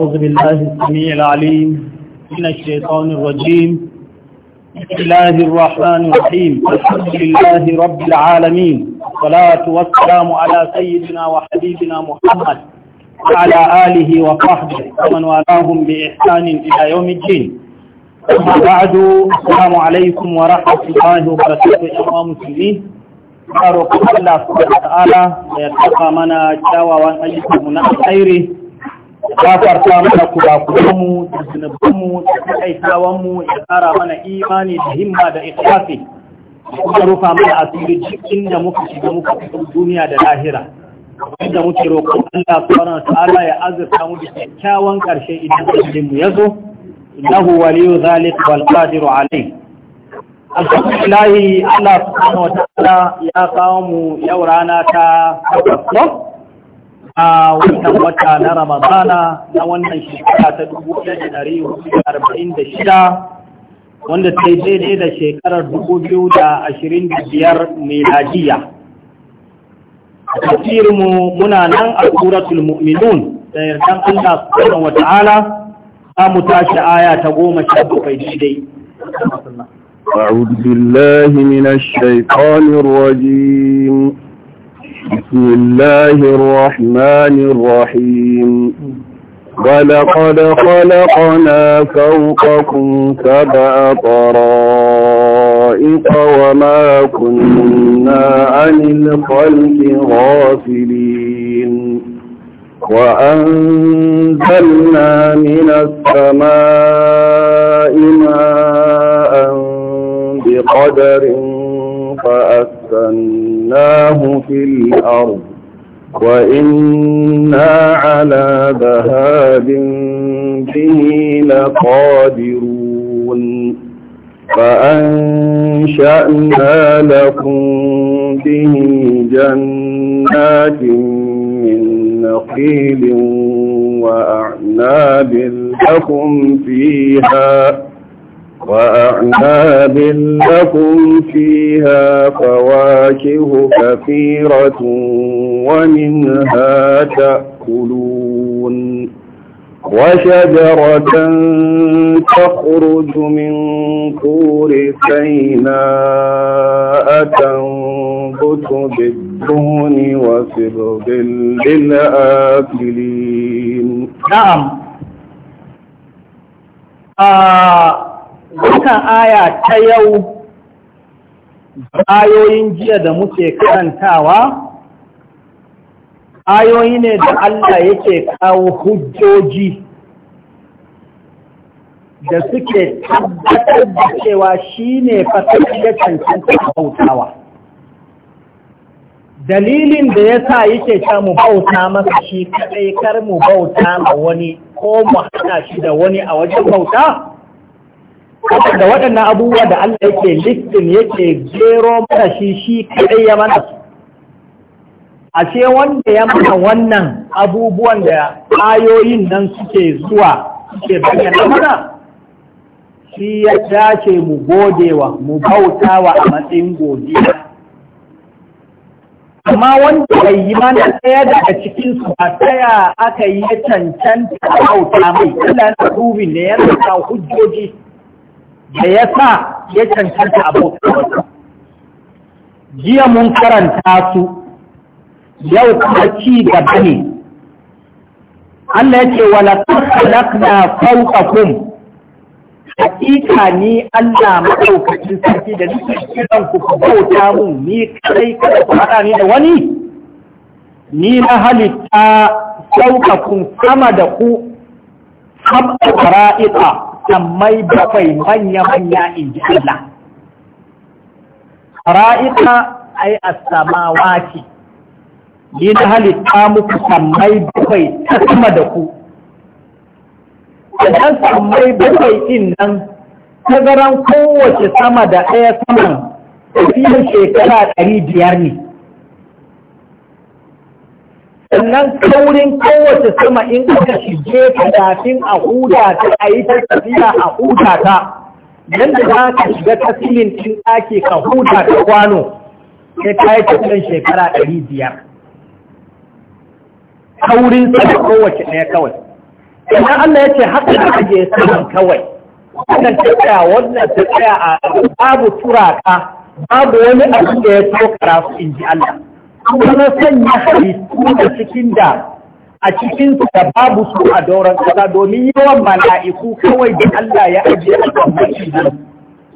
أعوذ بالله السميع العليم من الشيطان الرجيم بسم الله الرحمن الرحيم الحمد لله رب العالمين والصلاة والسلام على سيدنا وحبيبنا محمد وعلى آله وصحبه ومن والاهم بإحسان إلى يوم الدين أما بعد السلام عليكم ورحمة الله وبركاته يا مسلمين أرجو الله سبحانه وتعالى ويتقى منا جاوى وأن يكون منا خيره gafarta mana kurakuranmu da zunubanmu da takaitawanmu ya tsara mana imani da himma da ikhlasi kuma rufa mana asiri cikin da muka shiga muka fito duniya da lahira inda muke roƙon Allah subhanahu ta'ala ya azurta mu da kyakkyawan ƙarshe idan ajalin mu yazo innahu waliyu zalika wal qadiru alayh alhamdulillah Allah subhanahu wa ta'ala ya kawo mu yau rana ta a wannan wata na ramadana na wannan shekara ta dubu da da da shida, wanda ta yi daidai da shekarar dubu biyu da ashirin 2025 meladiya tafiyarmu muna nan a suratul mu'minun da yardan Allah subhanahu wa ta'ala za mu tashi aya ta goma sha bakwai daidai أعوذ بالله من الشيطان الرجيم بسم الله الرحمن الرحيم ولقد خلقنا فوقكم سبع طرائق وما كنا عن الخلق غافلين وأنزلنا من السماء ماء بقدر فأسكناه في الأرض وإنا على ذهاب به لقادرون فأنشأنا لكم به جنات من نخيل وأعناب لكم فيها وأعناب لكم فيها فواكه كثيرة ومنها تأكلون وشجرة تخرج من طور سيناء تنبت بالدهن وسبغ للآكلين نعم آه wannan aya ta yau ayoyin jiya da muke karantawa ayoyi ne da Allah yake kawo hujjoji da suke tabbatar da cewa shi ne fasar da bautawa dalilin da ya sa yake ta mu bauta masa shi kaɗai kar mu bauta ma wani ko mu hana shi da wani a wajen bauta da waɗannan abubuwa da Allah yake listin yake gero mana shi shi kaɗai ya mana ashe wanda ya mana wannan abubuwan da ayoyin nan suke zuwa suke bayyana mana shi ya dace mu godewa mu bautawa a matsayin godiya amma wanda bai yi mana ɗaya daga cikin su ba taya aka yi ya cancanta bauta mai ina na rubin da yana sa hujjoji da ya sa ya cancanta abokan jiya mun karanta su yau kuma ci gaba ne Allah ya ce walakar halakna fauƙakun hakika ni Allah maɗaukacin sarki da duk kiran ku bauta mun ni kai kada ku haɗa ni da wani ni na halitta fauƙakun sama da ku sab'a fara'iqa sammai bakwai manya-manya in ji Allah. Ra'ika ai a samawati, ni na halitta muku sammai bakwai ta sama da ku. Idan sammai bakwai in nan, garan kowace sama da ɗaya saman fiye shekara ɗari biyar ne. sannan kaurin kowace sama in aka shige ta kafin a huda ta a yi ta tafiya a huda ta yadda za ka shiga ta silin cin ɗaki ka huda ta kwano sai ka yi tafiyan shekara ɗari biyar kaurin sama kowace ɗaya kawai sannan Allah ya ce haka da ake saman kawai wannan ta tsaya wannan ta tsaya a babu turaka babu wani abin da ya tokara su in ji Allah kuma sanya halittu da cikin da a cikin da babu su a doron kasa domin yawan mala'iku kawai da Allah ya ajiye a kan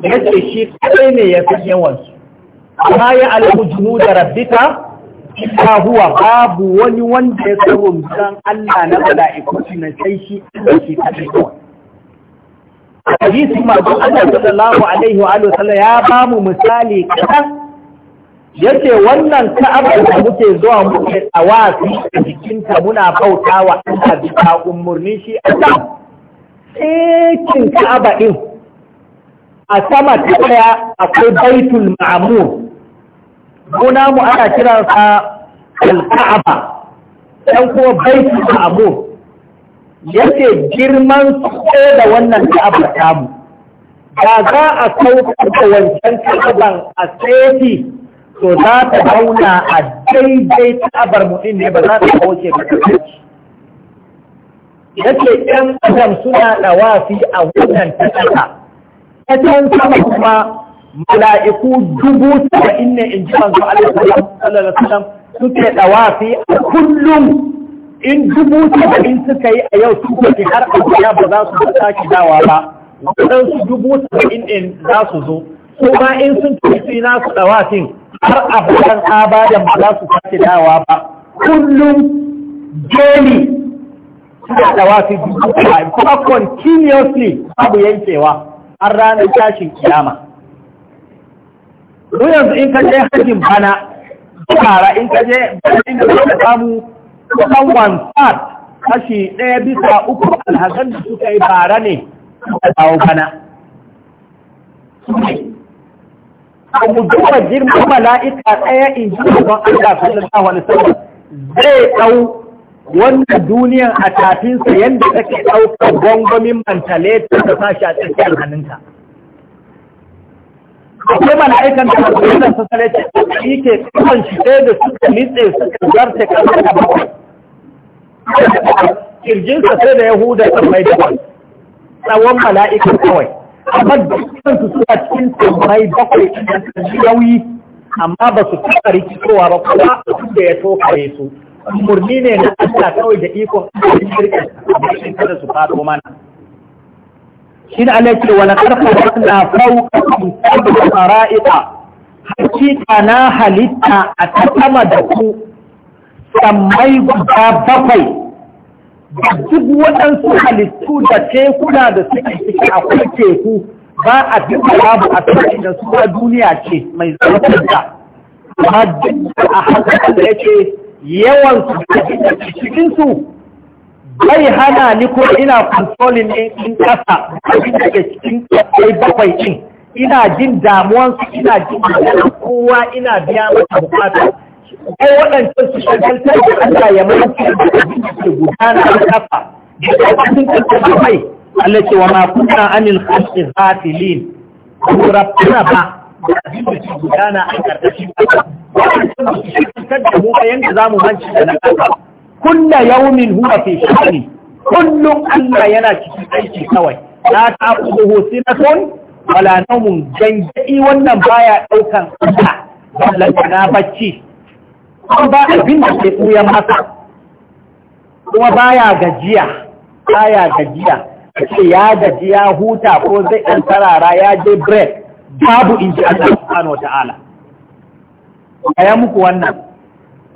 ya ce shi kai ne ya fi yawan su amma ya alamu junu da rabbita, ta huwa babu wani wanda ya tsoro rumsan Allah na mala'iku shi na sai shi Allah shi kadai yawan. hadisi ma'azin Allah sallallahu alaihi wa sallam ya ba mu misali kasa. yace wannan ka'aba da muke zuwa muke tsawafi a jikinta muna bauta wa Allah bisa umurni shi ta cikin ka'aba din a sama ta daya akwai baitul ma'mur gona mu ana kiransa al-ka'aba dan kuma baitul ma'mur yace girman ko da wannan ka'aba mu. ga za a kauka wancan ka'aban a tsaye to za ta zauna a daidai ta'abar mutum ne ba za ta ke ba ta ce ɗan adam suna ɗawafi a wannan ta ƙasa ta can sama kuma mala'iku dubu ta inna in ji manzo Allah suke da wafi ɗawafi a kullum in dubu in suka yi a yau su ke har a ba za su ki dawa ba waɗansu dubu ta in za su zo su ma in sun tafi na su ɗawafin har a abadan ba za su sake dawa ba kullum su suna dawa su duka kuma continuously abu yankewa har ranar tashin kiyama Ruyan yanzu in ka je hajjin bana kara in ka je inda za ka samu kusan one third kashi ɗaya bisa uku alhazan da suka yi bara ne a kawo bana. abu duba mala'ika ɗaya in ji gaban Allah sallallahu alaihi wasallam zai ɗau wannan duniyan a tafinsa yadda take ɗaukar gwangwamin mantale ta da sashi a tsakiyar hannunka. Akwai mala'ikan da aka yi nan sassare ce, shi ke kawon shi ɗaya da suka nitse suka zarce kamar da bakwai. Kirjinsa sai da Yahuda kan mai da tsawon mala'ikan kawai. amma kansu suna cikin tambayi bakwai idan ka ji amma ba su taɓa rikicowa ba kuma abin da ya tokare su murni ne na Allah kawai da ikon abin shirkin abin kada su faɗo mana shi da Allah ce wani karfa na da kun tabbata fara'iqa hakika na halitta a ta da ku sammai guda bakwai duk waɗansu halittu da tekuna da suke a akwai teku ba a duk babu a tsarki da su duniya ce mai zarafin da amma duk a haka da yake yawan su da cikin su bai hana ni ko ina kontrolin ne in kasa abin da ke cikin kai bakwai ɗin. ina jin damuwansu ina jin damuwan kowa ina biya mata bukata ko waɗancan su shagaltar da Allah ya manci da abin da ke gudana a kafa da abin da ke mai Allah ce wa ma kunna anil khalqi ghafilin ko rabbana ba da abin da ke gudana a karkashin kafa waɗancan su shagaltar da mu bayan da zamu manci da na kafa kullu yawmin huwa fi sha'ni kullum Allah yana cikin aiki kawai la ta'khudhuhu sinatun wala nawmun janja'i wannan baya daukan Allah ballantana bacci kuma ba abin da ke ɓuya masa kuma ba ya gajiya ba ya gajiya ce ya gaji ya huta ko zai ɗan tarara ya je break babu in ji Allah subhanahu ta'ala a ya muku wannan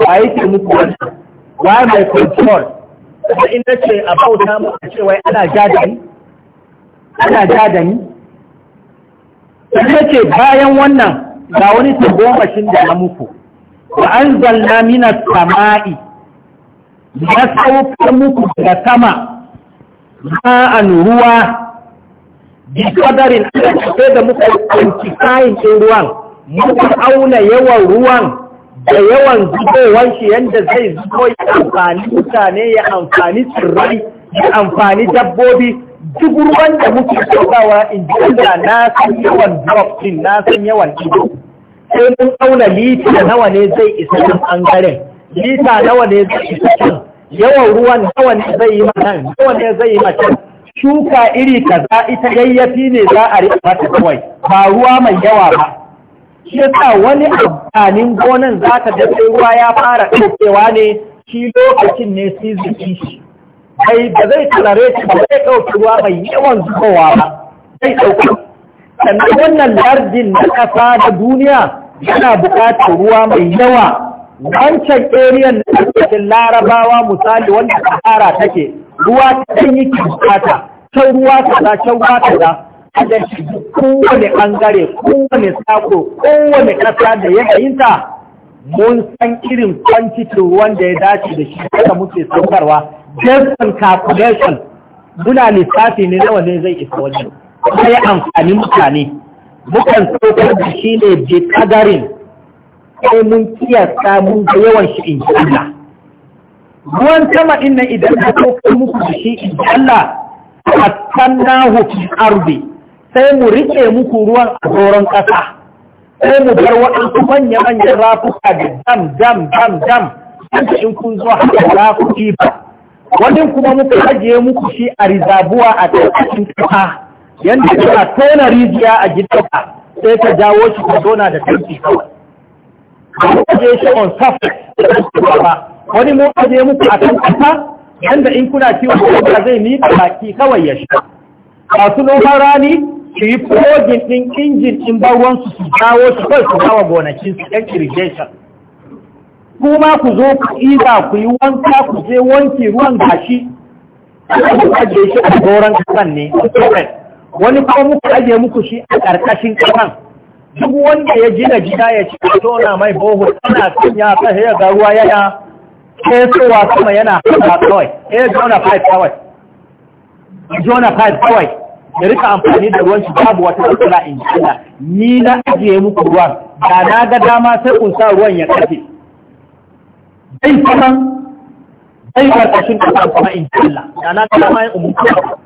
a yi ke muku wannan why mai control da inda ce a bauta muka cewa ce wai ana jadani ana jadani da ce bayan wannan ga wani tagomashin da na muku wa an zalla mina sama'i ya sauka muku daga sama ma'an ruwa bikadarin sai da muka ɗauki kayan ɗin ruwan muka auna yawan ruwan da yawan zubowar shi yadda zai zubo ya amfani mutane ya amfani tsirrai ya amfani dabbobi duk ruwan da muke saukawa in ji na san yawan drop din na san yawan ido sai mun auna lita nawa ne zai isa nan ɓangaren lita nawa ne zai isa can yawan ruwan nawa ne zai yi matan nawa ne zai yi matan shuka iri kaza ita yayyafi ne za a riƙa mata kawai ba ruwa mai yawa ba shi yasa wani amfanin gonan za ka da sai ruwa ya fara ɗaukewa ne shi lokacin ne season ɗin shi kai ba zai tsare shi ba zai ɗauki ruwa mai yawan zubowa ba zai ɗauki sannan wannan lardin na ƙasa da duniya yana buƙatar ruwa mai yawa wancan eriyan na ƙasashen larabawa misali wanda sahara take ruwa ta ɗan yake buƙata can ruwa za, can ruwa a da shi kowane ɓangare kowane sako kowane ƙasa da yanayinta mun san irin kwancikin ruwan da ya dace da shi haka muke saukarwa based on calculation muna lissafi ne nawa ne zai isa wajen baya amfani mutane mukan saukar da shi ne bi kadarin sai mun kiyasta mun ga yawan shi in Allah ruwan sama din nan idan ka saukar muku da shi in Allah attannahu fi ardi sai mu rike muku ruwan a doron kasa sai mu bar waɗansu manya manya rafuka da dam dam dam dam in kun zo haka rafuki ba wani kuma muka ajiye muku shi a rizabuwa a ƙarƙashin ƙasa yanda a tona rijiya a gidanka sai ta jawo shi ka tona da tanki kawai ka je shi on surface wani mu ka je muku kan kasa yanda in kuna kiwon kuma zai miƙa baki kawai ya sha masu noman rani su yi flogin ɗin injin ɗin barwansu su jawo su kai su kawo gonakin su ɗan irrigation kuma ku zo ku iza ku yi wanka ku je wanki ruwan gashi ku ajiye shi a doron kasan ne wani kuma muku ajiye muku shi a ƙarƙashin ƙasan duk wanda ya gina gida ya ci na mai boho tana kan ya kashe ya ga ruwa ke kesowa sama yana hada kawai eh jona pipe kawai jona pipe kawai ya rika amfani da ruwan shi babu wata matsala in ji Allah ni na ajiye muku ruwan da na ga dama sai kun sa ruwan ya kafe zai kuma zai karkashin kasan kuma in Allah da na ga dama ya umurta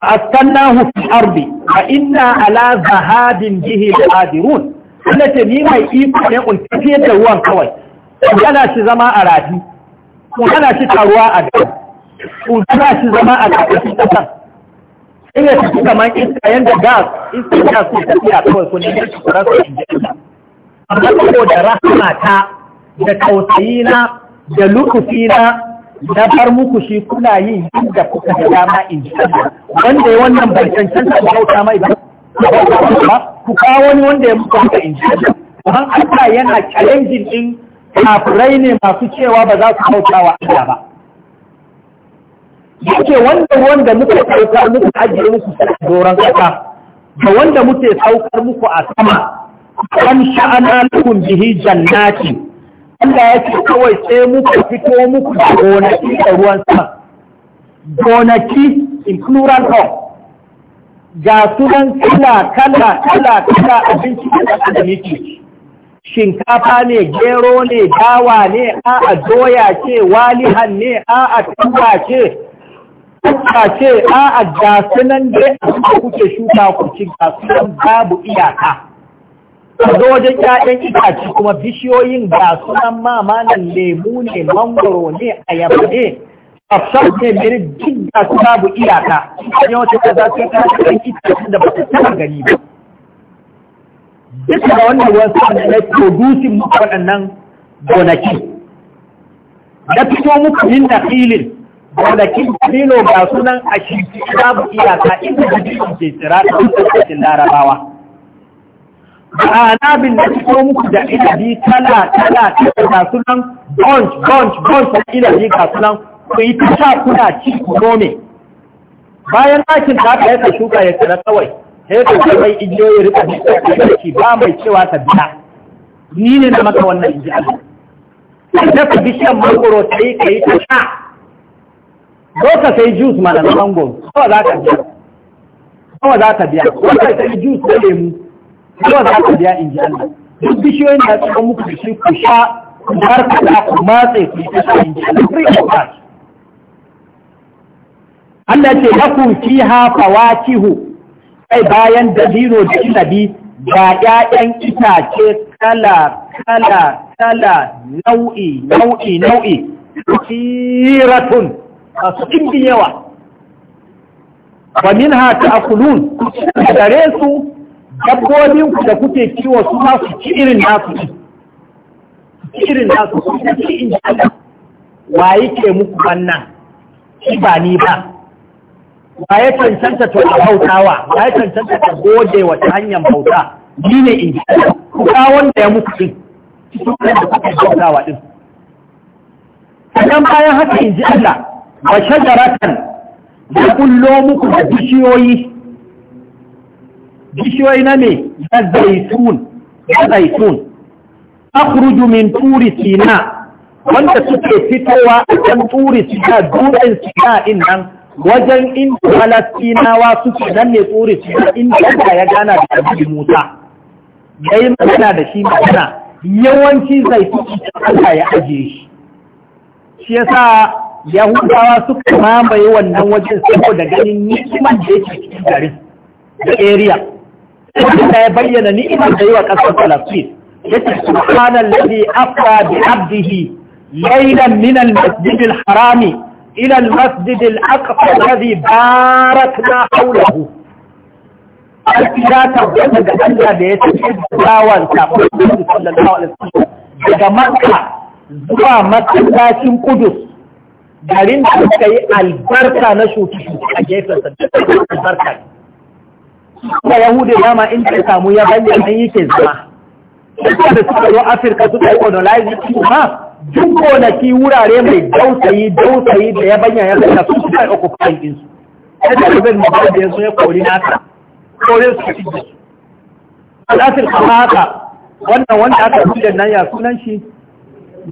askannahu fi ardi wa inna ala zahabin bihi qadirun Allah ce ni mai iko ne in tafiyar da kawai in hana shi zama a rafi in hana shi taruwa a dam in hana shi zama a ƙarƙashin ƙasan in ya tafi kamar iska yanda gas iska gas ne tafiya kawai kun yi shi kuran su injina amma saboda rahama ta da tausayi na da lukufi na na bar muku shi kuna yin yadda kuka da dama in ji wanda ya wannan bai cancanta da bauta mai ba ku kawo wani wanda ya muku da in ji Allah Allah yana challenging din kafirai ne masu cewa ba za su bauta wa Allah ba yake wanda wanda muka sauka muku ajiye muku doron kasa da wanda muke saukar muku a sama kan sha'ana lakum bihi jannatin Allah ya ce kawai sai muka fito muku da gonaki da ruwan sama gonaki in plural of ga sunan kala kala kala kala abinci da ɗan adam yake shinkafa ne gero ne dawa ne a a doya ce walihan ne a a tuba ce tuba ce a a ga sunan da kuke shuka ku ci ga sunan babu iyaka zo wajen ƴaƴan itace kuma bishiyoyin ga sunan nan lemu ne mangoro ne ayaba ne tafsar ne mere duk ga su babu iyaka yi wata kaza sun su ka ƴaƴan itace da ba su taɓa gani ba duk da wannan ruwan sama ne na producing muka waɗannan gonaki na fito muku yin na filin gonakin filo ga sunan a shi babu iyaka inda jikin ke tsira ta wasu larabawa. ana bin da fito muku da ilabi kala kala kala ga sunan bunch bunch bunch da ilabi ga sunan ku yi ta sha kuna ci nome bayan ɗakin ta ka yaka shuka ya tsira kawai sai ka ce mai igiyoyi rika da shi ba mai cewa ta biya ni ne na maka wannan inji Allah sai ka bi shan mangoro ta yi ka yi ta sha zo ka sai juice mana na mangoro kawai za ka biya kawai za ka biya kawai sai juice da lemu Kuma za ka biya in ji Allah duk bishiyoyin da muku da shi ku sha ku barkata ku matse ku yi tashi in ji Allah free of charge Allah ce lakum kai bayan dabino da inabi ga ƴaƴan itace kala kala kala nau'i nau'i nau'i kasiratun masu ɗimbin yawa wa minha ta'kulun gare su dabbobin ku da kuke kiwo su ma su ci irin nasu ci irin nasu su ci in ji wa yake muku wannan shi ba ni ba Wa ya cancanta to a bautawa ba ya cancanta ta gode wa ta hanyar bauta ni ne in ji ku ka wanda ya muku din su ne da kuke bautawa din dan bayan haka in ji Allah wa shajaratan ya kullo muku da bishiyoyi bishiyoyi na me na zaitun na zaitun akhruju min turi sina wanda suke fitowa a can turi sina dutsen sina din nan wajen in falastinawa suke nan ne turi sina in Allah ya gana da Annabi Musa yayi magana da shi magana yawanci zaitun Allah ya ajiye shi shi yasa yahudawa suka mamaye wannan wajen saboda ganin nikiman da yake cikin garin da area Allah ya bayyana ni'imar da yi wa ƙasar Falastin yace subhanallazi afra bi abdihi laylan min al-masjid al-haram ila al-masjid al-aqsa alladhi Ya tabbata ga Allah da ya tafi bawan sa daga Makka zuwa masallacin Qudus garin da suka yi albarka na shuki a gefen sa albarka kuma yahudu dama in ta samu ya bayyana ke zama suka da suka zo afirka suka yi onolaizi kuma duk gonaki wurare mai dausayi dausayi da ya bayyana ya bayyana su suka yi okupayin ɗinsu ce da zai magana da yanzu ya kori naka kore su ci da su Afirka ma haka wannan wanda aka fi da nan ya sunan shi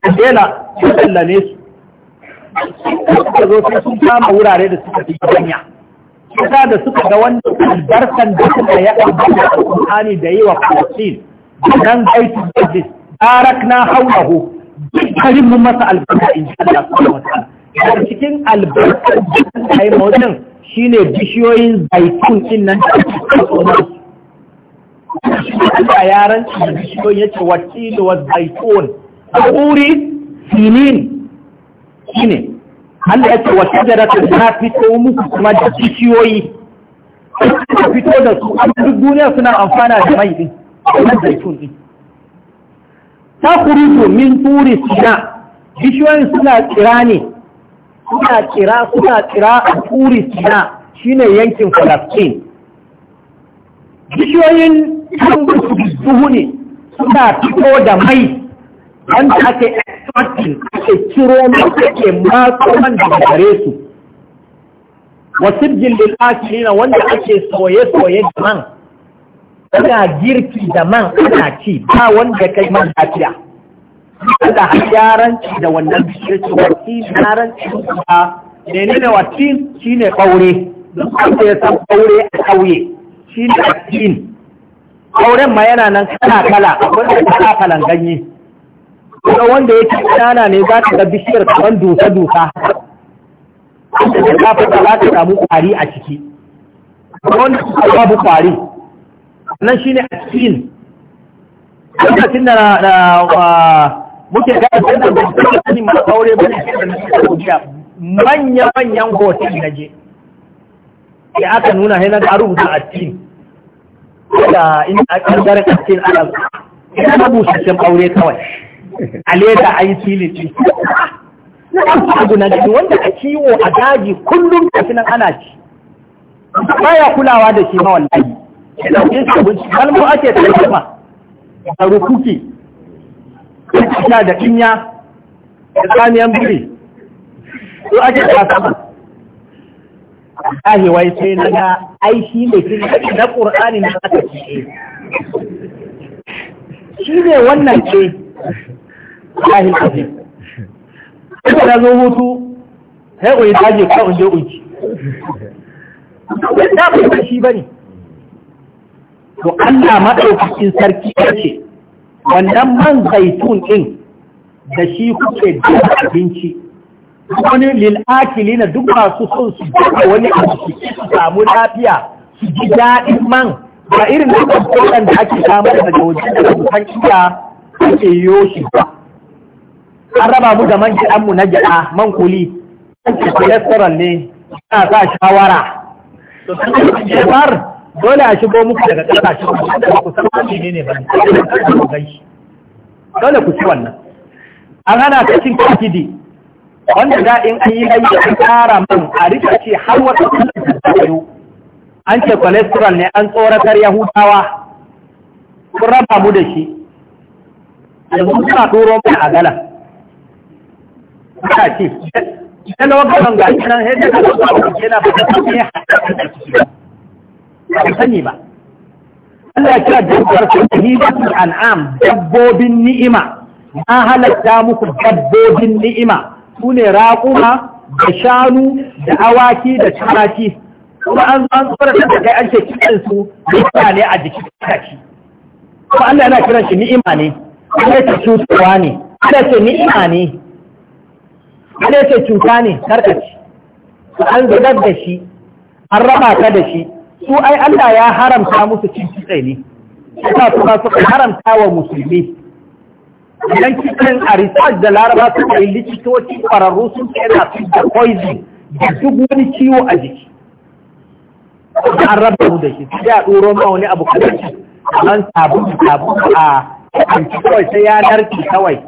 mandela ya tallane su suka zo sai sun kama wurare da suka fi bayyana kusa da suka ga wanda albarkan da suka ya a da alƙur'ani da yi wa falastin nan aiki majlis tarak na haulahu dukkanin mu masa albarka in ji Allah subhanahu wataala A cikin albarkar da suka yi mawajin shine bishiyoyin zaitun din nan da ake tsoron Allah ya shi da bishiyoyin yace wa zaitun a sinin ne." Allah ya ce wa ta na fito muku kuma da kishiyoyi suka fito da su a duk duniya suna amfana da mai din wannan zaitun din ta kuruto min turi suna. bishiyoyin suna tsira ne suna tsira suna tsira a turi shine yankin Falastin. bishiyoyin sun su duhu ne suna fito da mai da ake yi ake ciro mai ake masu man da gare su wasirgin na wanda ake soye-soye da man ana girki da man ana ci ba wanda kai man lafiya da yaranci da wannan bishiyar su yaranci da ne ne da wasu shi ne ɓaure don kwanza ya san ɓaure a ƙauye shi ne wasi ɓauren ma yana nan kala-kala akwai da kala-kalan ganye kuma wanda yake tsana ne za ka ga bishiyar kamar dusa-dusa da kafa za ta samu ƙwari a ciki wanda suka babu kwari nan shine a cikin lokacin da muke gaɗa da da sani masu aure ba ne da na saudiya manya-manyan hotel na je ya aka nuna hainar da rubuta a cikin da inda a ƙarƙarin a cikin ana ya da busasshen aure kawai a leda a yi filin ɗin na abu na ci wanda a ciwo a daji kullum kafin ana ci ya kulawa da shi ma wallahi ɗauke shi abinci kalmo ake tsarkama a rukuki sha da kinya da tsamiyan biri su ake tsarkama ahiwai sai na ga aishi ne fi na ƙur'ani na aka ce shi ne wannan ce lahi azim ita zo hutu sai ku daji ko in je uki da ba ta shi bane to Allah madaukakin sarki ce. wannan man zaitun ɗin da shi kuke da abinci wani lil'akili na duk masu son su duka wani abu su samu lafiya su ji daɗin man ba irin da da ake samar daga wajen da kan iya ake yoshi ba an raba mu da man mu na gyaɗa man kuli cholesterol ne ana sa shawara shawar dole a shigo muku daga ƙasashen ku san ne ne ba dole ku ci wannan an hana ka cin kakidi wanda da in an yi aiki da tsara man a rika ce har wata kwanan an ce cholesterol ne an tsoratar yahudawa kun raba mu da shi yanzu suna turo mai a galan ba ce ita na wakilan ga shi nan yadda ka zama a wajen na fata ta ne ba sani ba Allah ya kira dabbar su hibatul an'am dabbobin ni'ima na halatta muku dabbobin ni'ima su ne raƙuma da shanu da awaki da tumaki kuma an an tsara da kai an ce kiɗan su ne a jikin kaci kuma Allah yana kiran shi ni'ima ne kuma ya ce cutuwa ne Allah ce ni'ima ne an yake cuta ne karkaci an zubar da shi an raba da shi su ai Allah ya haramta musu cin kitse ne suka suka suka haramta wa musulmi idan kitsen a research da laraba suka yi likitoci kwararru sun na yana da poison da duk wani ciwo a jiki da an raba mu da shi sai a ɗoro ma wani abu kadanci an sabu sabu a kawai sai ya narke kawai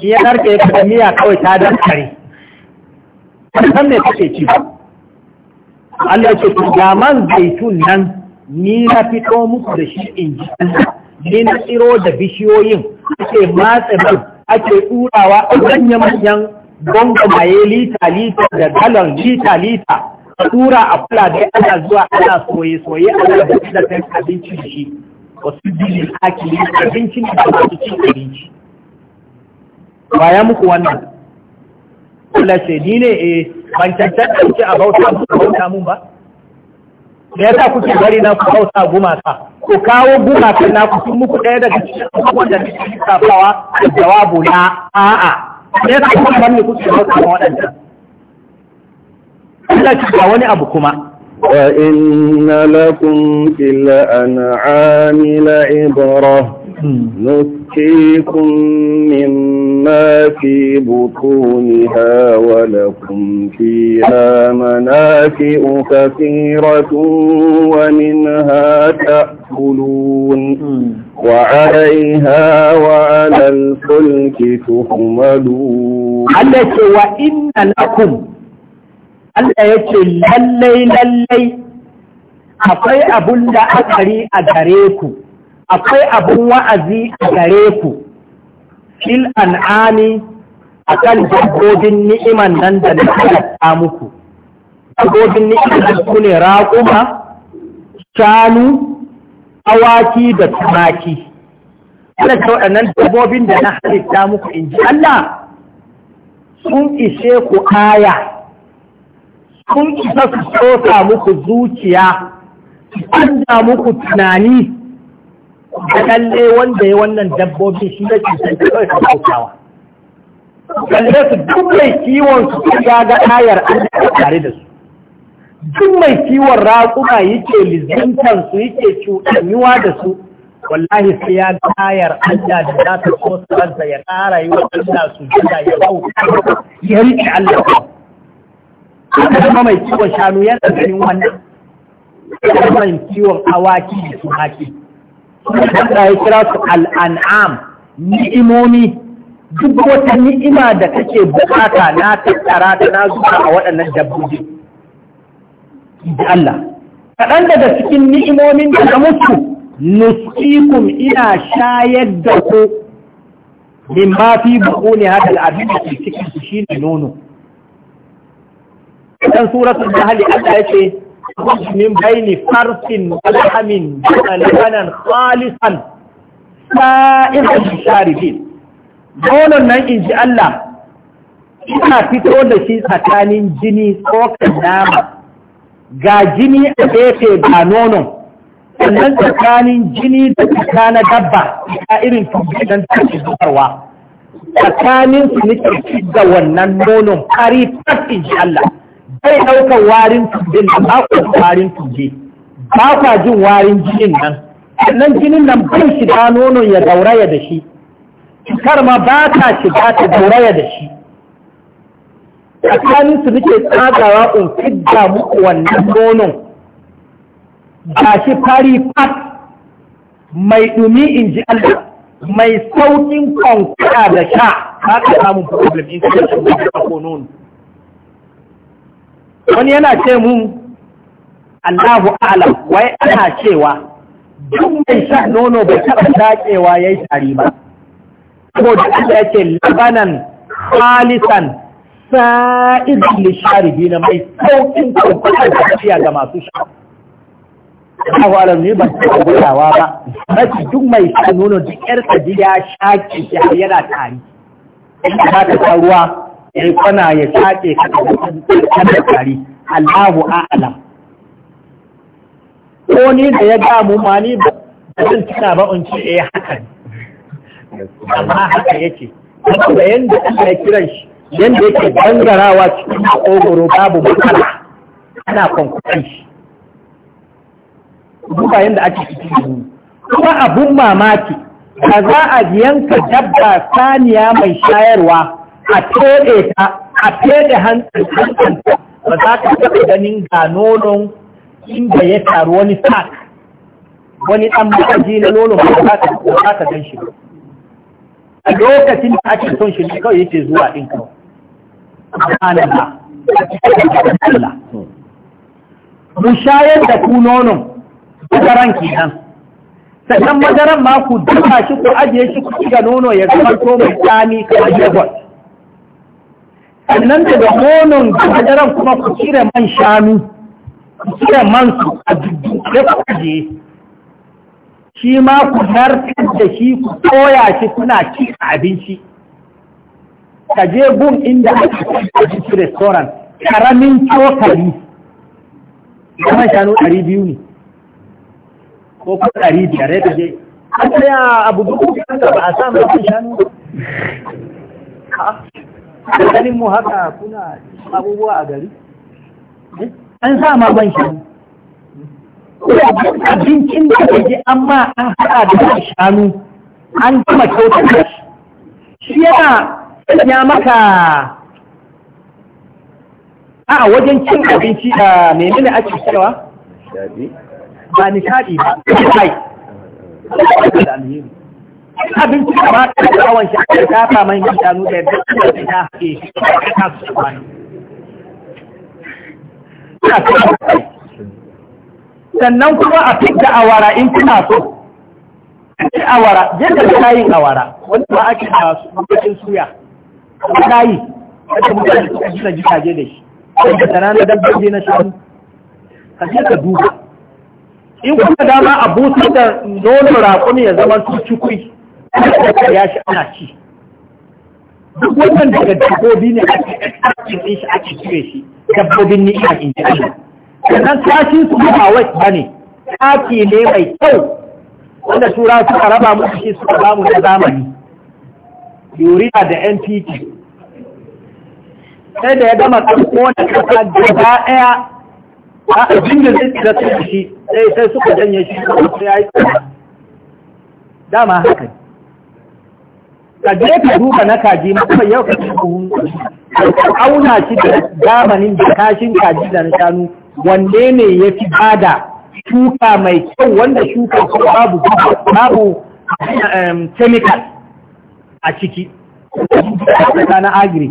in ya narke ya kada miya kawai ta dankare kan ne kake ci ba Allah ce ga man zaitun nan ni na fito muku da shi in ji ni na tsiro da bishiyoyin ake matsa mai ake turawa a manyan manyan gwangwamaye lita lita da galon lita lita tura a fula dai ana zuwa ana soye soye ana da da kan abinci da shi wasu jini akili abinci ne da masu cin abinci baya muku wannan Allah ce ni ne eh ban cancanta ki a bauta ku bauta mun ba me yasa kuke bari na ku bauta gumaka ku kawo gumaka na ku sun muku ɗaya daga cikin abubuwan da kuke kafawa da jawabu na a'a me yasa kuke bari ku bauta mun waɗannan Allah ce ga wani abu kuma وإن لكم في الأنعام لعبرة نسقيكم مما في بطونها ولكم فيها منافع كثيرة ومنها تأكلون وعليها وعلى الفلك تحملون عليك وإن لكم Allah ya ce lallai lallai akwai abun da akari a gare ku akwai abin wa'azi a gare ku fil an'ami kan dabbobin ni'iman nan da na muku dabbobin ni'iman ku ne raƙuma shanu awaki da tumaki ana ta waɗannan dabbobin da na halitta muku in ji Allah sun ishe ku aya sun isa su sosa muku zuciya an da muku tunani da kalle wanda ya wannan dabbobi shi da cikin kawai ka kautawa kalle su duk mai kiwon su sun gaga ayar an da tare da su duk mai kiwon raƙuma yake lizintan su yake cutanyuwa da su wallahi sai ya ga ayar Allah da za ta so ransa ya ƙara yi wa ɗanda su jira ya bauta ya riƙe Allah haka kuma mai kiwon shanu yana ganin wannan Ya mai kiwon awaki da tumaki Allah ya kira su al'an'am ni'imomi duk wata ni'ima da kake bukata na tattara ta na zuwa a waɗannan dabbobi da Allah kaɗan daga cikin ni'imomin da na mutu nuskikum ina shayar da ku min ma fi ne haka abinda da cikin su shine nono dan suratul hali Allah ya ce من بين فرس ولحم لبنا خالصا سائغا للشاربين nonon nan in ji Allah ina fito da shi tsakanin jini tsokan nama ga jini a gefe ba nonon sannan tsakanin jini da tsaka na dabba a irin tumbidan tashi zubarwa tsakanin su nake da wannan nonon fari fat in ji Allah bai ɗaukar warin tumbin nan ba ku warin tumbi ba kwa jin warin jinin nan sannan jinin nan bai shiga nono ya dauraya da shi Kar ma ba ta shiga ta gauraya da shi tsakanin su nake tsagawa in fidda muku wannan nonon ba shi fari fat mai ɗumi in ji Allah mai sauƙin kwankwa da sha ba ka samun problem in ka shi ko nono wani yana ce mu Allahu a'lam wai ana cewa duk mai sha nono bai taɓa daƙewa ya yi tari ba. Saboda Allah ya ce labanan halisan sa'idin lisharibi na mai saukin kwamfatar da tafiya ga masu sha. Allahu a'lam ne ba ta gudawa ba. Mafi duk mai sha nono duk ƴar ya sha ke har yana tari. Ina ta ruwa in kana ya shaƙe ka da kari Allahu a'lam ko ni da ya ga mu ma ni ba zan tuna ba in ce eh haka amma haka yake saboda yanda Allah ya kiran shi yanda yake bangarawa cikin kokoro babu matsala ana kwankwasan shi duba yanda ake cikin kuma abun mamaki ba za a yanka dabba saniya mai shayarwa a tode ta a tode hankali ba za ka taɓa ganin ga nonon inda ya taru wani sak wani ɗan ma'aji na nono ba za ka za ka gan shi a lokacin da ake son shi ne kawai yake zuwa ɗin kawai subhanallah ba mu shayar da ku nonon madaran kenan sannan madaran ma ku dafa shi ku ajiye shi ku ga nono ya zama to mai tsami kamar yogurt sannan daga nonon gajeren kuma ku cire man shanu ku cire man su a dubbe ku ajiye shi ma ku narkar da shi ku toya shi kuna ci abinci ka je gun inda ake cikin abinci restaurant karamin cokali kuma shanu ɗari biyu ne ko kuma ɗari biyar da je an tsaya abu da ba a man shanu ganin mu haka kuna abubuwa a gari eh? an sa ma ban shanu abincin da kaje amma an haɗa da shanu an gama kyautata shi shi yana ya maka a wajen cin abinci a menene ake cewa ba nishadi ba kai abinci da ba ta da awon shi aka dafa mai idanu da yadda suka fi ta haɗe ta su kwani. Sannan kuma a fit da awara in kuna so. Awara, yadda ta yin awara, wanda ba ake da lokacin suya, ta yi, wanda mutane suka gina gidaje da shi, wanda tana na dabbobi na shanu, ka je ka duba. In kuma dama a busar da nono raƙumi ya zama cucukui, aka ya shi ana ci duk wannan daga dabbobi ne ake extracting din shi ake cire shi dabbobin ni'ima in ji Allah sannan kashin su ba wai bane kaki ne mai kyau wanda tura suka raba musu shi suka ba mu na zamani yuriya da NPK sai da ya gama karko wanda kasa gaba ɗaya a abin da zai tsira shi sai suka janye shi kuma sai ya yi dama haka ka je ka duba na kaji kuma yau ka ci buhun auna shi da zamanin da kashin kaji da na shanu wanne ne ya fi bada shuka mai kyau wanda shuka ko babu babu chemical a ciki na agri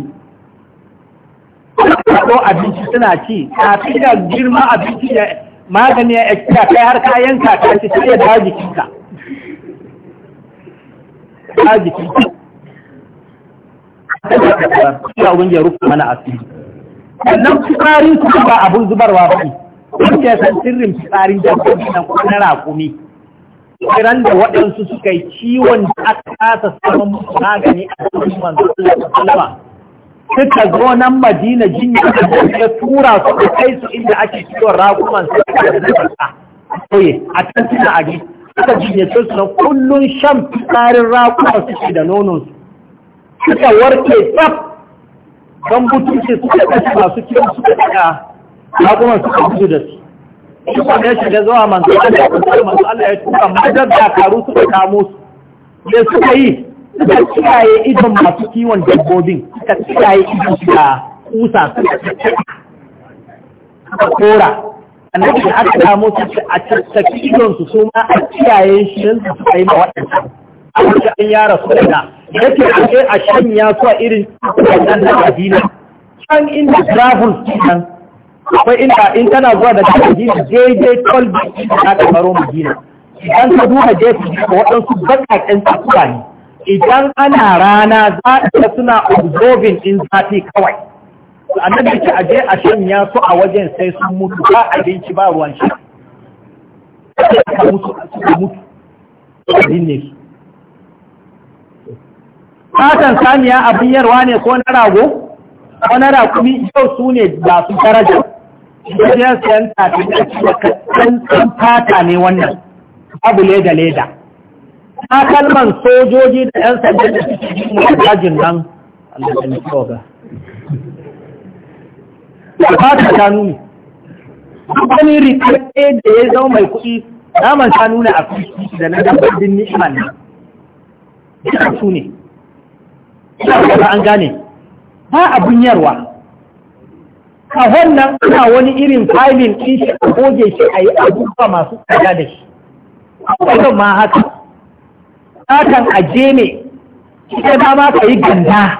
ko abinci suna ci a fiye girma abinci da magani ya ekita kai har kayan ka ta ci sai ya jikinka dawo jikinka ya ubangiji rufe mana asiri sannan fitsarin kuma ba abun zubarwa ba ne kuma ke san sirrin fitsarin dabbobi nan kuma na raƙumi kiran da waɗansu suka yi ciwon da aka kasa samun magani a cikin manzo Allah sallama suka zo nan Madina jinya da ya tura su da kai su inda ake ciwon raƙuman su da zaka koye a can suna a ji suka jinyace su kullun shan fitsarin raƙuman suke da nonon su suka warke tsab don mutunci suka kashe masu kiran suka tsaya na kuma suka gudu da su shi kuma ya shiga zuwa manzo Allah ya kuma manzo Allah ya tuka madar da karu suka kamo su da suka yi suka kiyaye idon masu kiwon dabbobin suka kiyaye idon su da kusa suka kora annabi da aka kamo su a cikin idon su su a kiyaye shi yanzu su kai ma waɗansu a wata an yara suna yake a ce a shanya su a irin wannan na Madina can inda travel nan akwai inda in kana zuwa daga Madina daidai toll gate da ka baro Madina idan ka duba jefi ko waɗansu baƙaƙen tsakuwa ne idan ana rana za ta suna observing in zafi kawai annabi ce a je a shanya su a wajen sai sun mutu ba abinci ba ruwan sha sai aka mutu suka mutu abin ne fatan samiya abin yarwa ne ko na rago ko na rakumi yau su ne da su daraja gidan siyan tafi da fata ne wannan abu leda leda kalman sojoji da yan sanda da suke yi mu dajin nan Allah Shoga. nufa fata ta nuni wani rikakke da ya zama mai kuɗi naman ta nuna a kuɗi da na dabbar din ni'iman nan su ne ba an gane ba abun yarwa a wannan ana wani irin filin ɗin shi a goge shi a yi abubuwa masu tsada da shi abubuwan ma haka satan aje ne ita ba ma ka yi ganda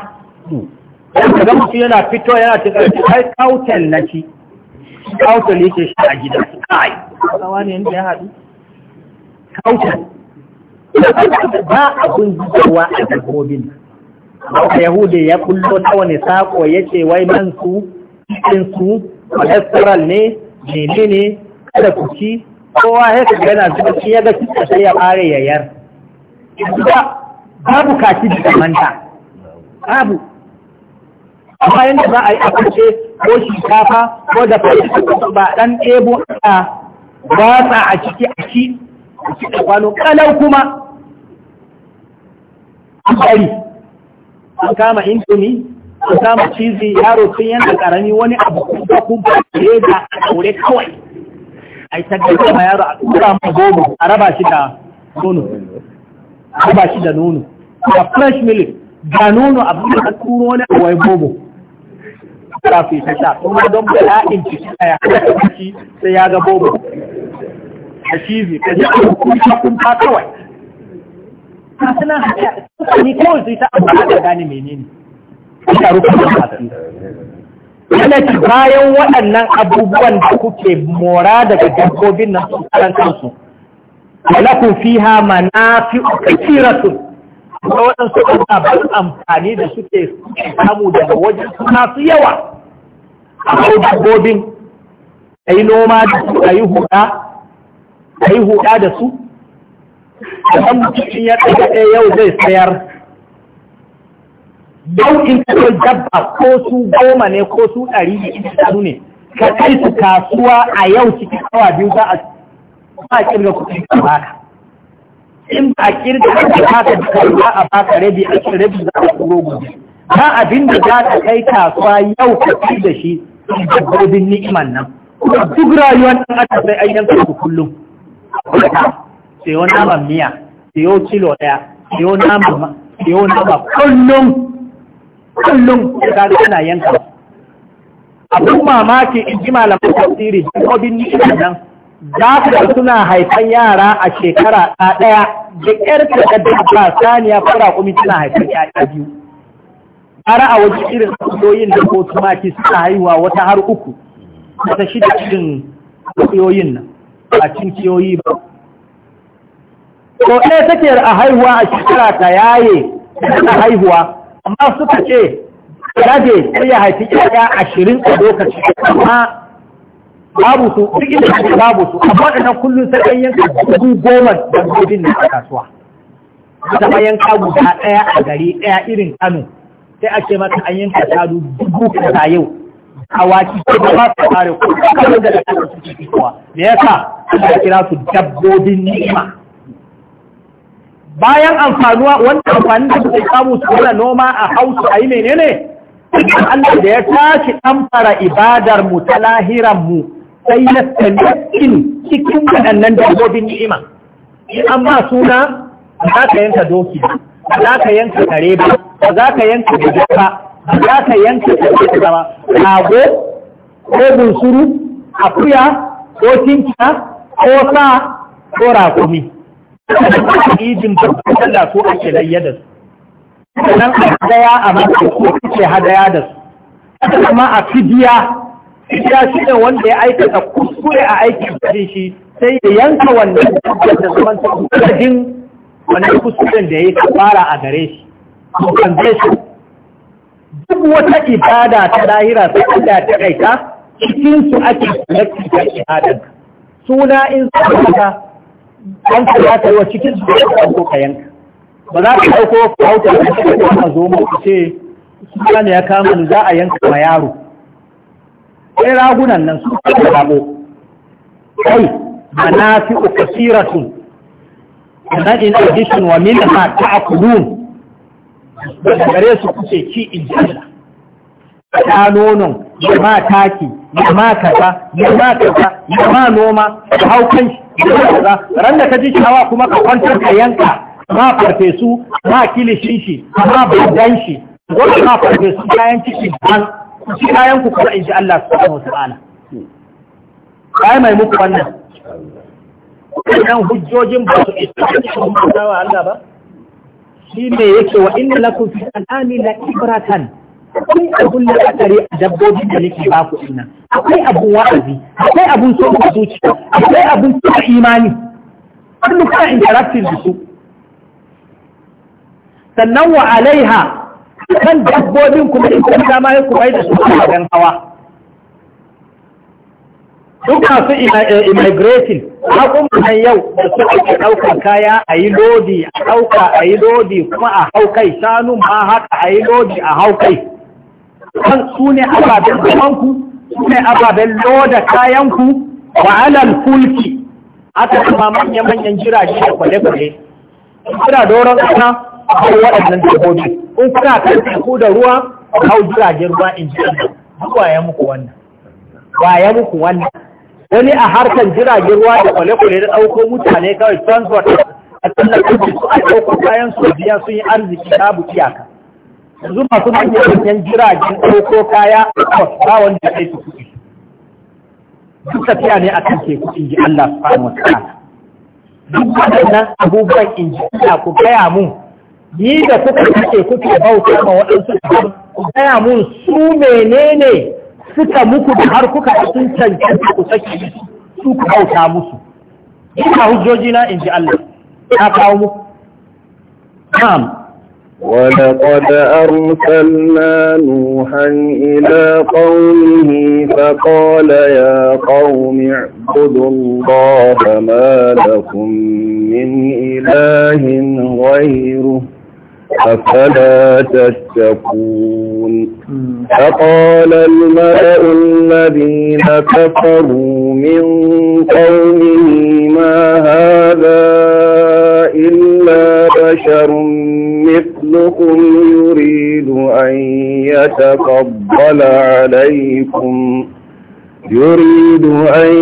ka ga mutum yana fito yana tafiya kai kautan na shi kautan yake shi a gida kai kawa ne yadda ya haɗu kautel ba abun zuwa a dabbobin nan wata yahudi ya kullo ta wani sako ya ce wai man su cikin su cholesterol ne jini ne kada ku ci kowa ya ka gana su ci ya ga cikin sai ya bare yayar ba babu kaci da manta babu amma yadda za a yi akwace ko shinkafa ko da fahimta ba ɗan ɗebo a watsa a ciki a ci a ciki kwano kalau kuma an an kama indomi an kama cizi yaro sun yanda karami wani abu kuma kuma ne da aure kawai a yi taggata ma yaro a tura ma goma a raba shi da nono a raba shi da nono da fresh milk ga nono abu a turo wani wai bobo kafin ta sha kuma don bala'in ciki a ya haka sai ya ga bobo a cizi ka ji a kuma kawai ka suna haka ni ta abu haka gane menene ina rufe da hatsi ci bayan waɗannan abubuwan da kuke mora daga dabbobin na sun karan kansu walakun fi manafi'u su. ko waɗansu ababen amfani da suke samu daga wajen suna su yawa kai dabbobin a yi noma da su a yi huɗa a yi huɗa da su kamar mutum ya ɗaya yau zai sayar yau in ka dabba ko su goma ne ko su ɗari da ita ne ka kai su kasuwa a yau cikin kawa biyu za a ba kirga kuɗi ka baka in ba kirga ka baka da kai ba a baka rabi a cikin rabi za a kuro gobe ba abin da za ka kai kasuwa yau ka kai da shi dabbobin ni'iman nan duk rayuwar ɗan adam sai an yanka ku kullum siyo naman miya siyo kilo ɗaya siyo naman siyo nama kullum kullum ka tana yanka abin mamaki in ji malamin tafsiri jikobin nishin nan za su da suna haifan yara a shekara a ɗaya da ƴar da ba saniya fara kuma suna haifan yara biyu ara a waje irin soyoyin da ko maki suna haihuwa wata har uku wata shida cikin soyoyin nan a cikin soyoyi ba ko ɗaya take a haihuwa a shekara ta yaye ta haihuwa amma suka ce gaje sai ya haifi ƴaƴa ashirin a lokaci amma babu su duk inda babu su amma nan kullum sai an yanka dubu goma dabbobin na a kasuwa zama yanka guda ɗaya a gari ɗaya irin kano sai a ce mata an yanka shanu dubu kasa yau a waki ko da ba su fara ko kamar da da kasuwa me yasa ana kira su dabbobin ni'ima bayan amfanuwa wanda amfanin da suke samu su gina noma a hausu a yi menene Allah da ya tashi ɗan fara ibadar mu ta lahiran mu sai ya tallafin cikin waɗannan dabbobin ni'ima in an suna za ka yanka doki za ka yanka kare ba ba za ka yanka gaje ba za ka yanka kare ba ba rago ko bunsuru akuya ko tinkiya ko sa ko rakumi idin babban sallah ko ake layya da su sannan a hadaya a mace ko ake hadaya da su haka kuma a fidiya fidiya shi ne wanda ya aikata kuskure a aikin kudin shi sai ya yanka wannan dabbar da zaman ta kudin wannan kuskuren da ya yi fara a gare shi compensation duk wata ibada ta lahira sai da ta kaita cikin su ake collecting da ibadan suna in sa an ka za ta yi wa cikin su da ko ka yanka ba za ka ɗauko ko hauta da shi ko ma zo ma ku ce suna ya kama ni za a yanka ma yaro sai ragunan nan su ka rabo kai manafi'u kasiratun sannan in addition wa min ma ta'kulun daga gare su kuce ci injila ta nonon ya ma taki ya ma kaza ya ma kaza ya ma noma da hau shi ran da ka ji shawa kuma ka kwantar ka yanka ma farfesu ma kilishin shi ma bandan shi gwamnati ma farfesu kayan ciki ban kayan ku kuma in ji Allah subhanahu wa ta'ala kai mai muku wannan wannan hujjojin ba su isa Allah ba shi ne yake wa inna lakum fil anami la ibratan akwai abun da tsare a dabbobi da nake ba ku ina akwai abun wa'azi akwai abun so ku zuciya akwai abun so imani kullu kana interacting da su sannan wa alaiha kan dabbobin kuma in kun dama ya kuma da su a gan hawa duk masu eh, immigrating hakunan yau da su ke ɗaukar kaya a yi lodi a dauka a yi lodi kuma a haukai shanu ma haka a yi lodi a haukai su ne ababen zamanku su ne ababen loda kayanku wa alal fulki aka kuma manya-manyan jirage da kwale-kwale kuna doron kana ko waɗannan dabbobi in kuna kan teku da ruwa hau jiragen ruwa in ji zuwa ya muku wannan wa ya muku wannan wani a harkar jiragen ruwa da kwale-kwale da ɗauko mutane kawai transport a tsallar su a ɗauko kayan su biya sun yi arziki babu iyaka yanzu masu manyan jiragen ɗauko kaya ba wanda ya su kuɗi duk tafiya ne akan teku in ji Allah subhanahu wataala duk waɗannan abubuwan in ji Allah ku gaya mun ni da kuka kake kuke bauta ma waɗansu ku gaya mun su menene suka muku da har kuka sun cancanta ku saki su ku bauta musu ina hujjoji na in ji Allah ya kawo muku na'am ولقد أرسلنا نوحا إلى قومه فقال يا قوم اعبدوا الله ما لكم من إله غيره أفلا تتقون فقال الملأ الذين كفروا من قومه ما هذا إلا بشر مثلكم يريد أن يتفضل عليكم يريد أن